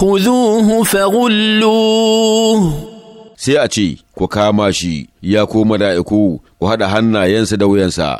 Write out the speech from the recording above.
خذوه فغلوه sai a ce, Ku kama shi, ya koma mala'iku, ku haɗa hannayensa da wuyansa.